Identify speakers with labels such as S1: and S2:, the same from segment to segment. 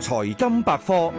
S1: 財金百科。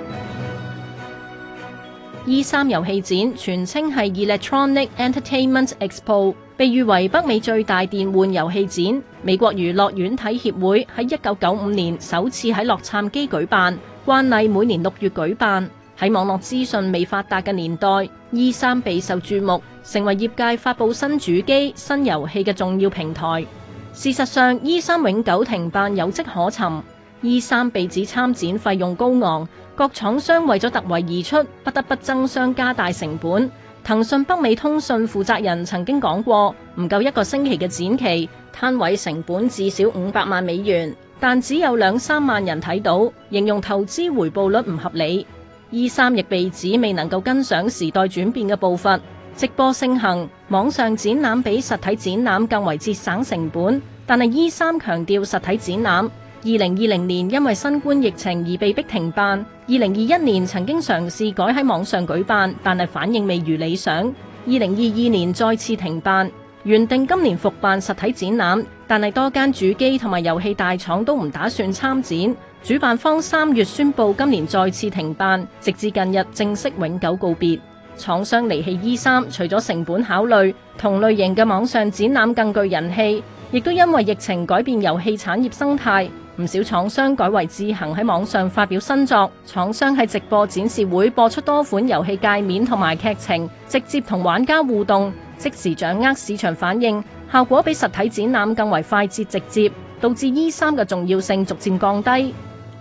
S1: E 三遊戲展全稱係 Electronic Entertainment Expo，被譽為北美最大電玩遊戲展。美國娛樂軟體協會喺一九九五年首次喺洛杉磯舉辦，慣例每年六月舉辦。喺網絡資訊未發達嘅年代，E 三備受注目，成為業界發布新主機、新遊戲嘅重要平台。事實上，E 三永久停辦有跡可尋。E 三被指參展費用高昂，各廠商為咗突圍而出，不得不爭相加大成本。騰訊北美通訊負責人曾經講過，唔夠一個星期嘅展期，攤位成本至少五百萬美元，但只有兩三萬人睇到，形容投資回報率唔合理。E 三亦被指未能夠跟上時代轉變嘅步伐，直播盛行，網上展覽比實體展覽更為節省成本，但係 E 三強調實體展覽。二零二零年因為新冠疫情而被迫停辦，二零二一年曾經嘗試改喺網上舉辦，但係反應未如理想。二零二二年再次停辦，原定今年復辦實體展覽，但係多間主機同埋遊戲大廠都唔打算參展，主辦方三月宣佈今年再次停辦，直至近日正式永久告別。廠商離棄 E 三，除咗成本考慮，同類型嘅網上展覽更具人氣，亦都因為疫情改變遊戲產業生態。唔少廠商改為自行喺網上發表新作，廠商喺直播展示會播出多款遊戲界面同埋劇情，直接同玩家互動，即時掌握市場反應，效果比實體展覽更為快捷直接，導致 E3 嘅重要性逐漸降低。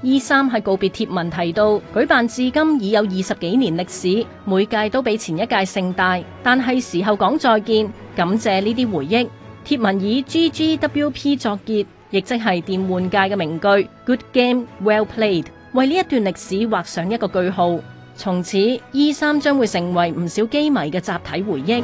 S1: E3 係告別貼文提到，舉辦至今已有二十幾年歷史，每屆都比前一屆盛大，但係時候講再見，感謝呢啲回憶。貼文以 GGWP 作結。亦即係電玩界嘅名句 Good game, well played，為呢一段歷史畫上一個句號。從此 E3 將會成為唔少機迷嘅集體回憶。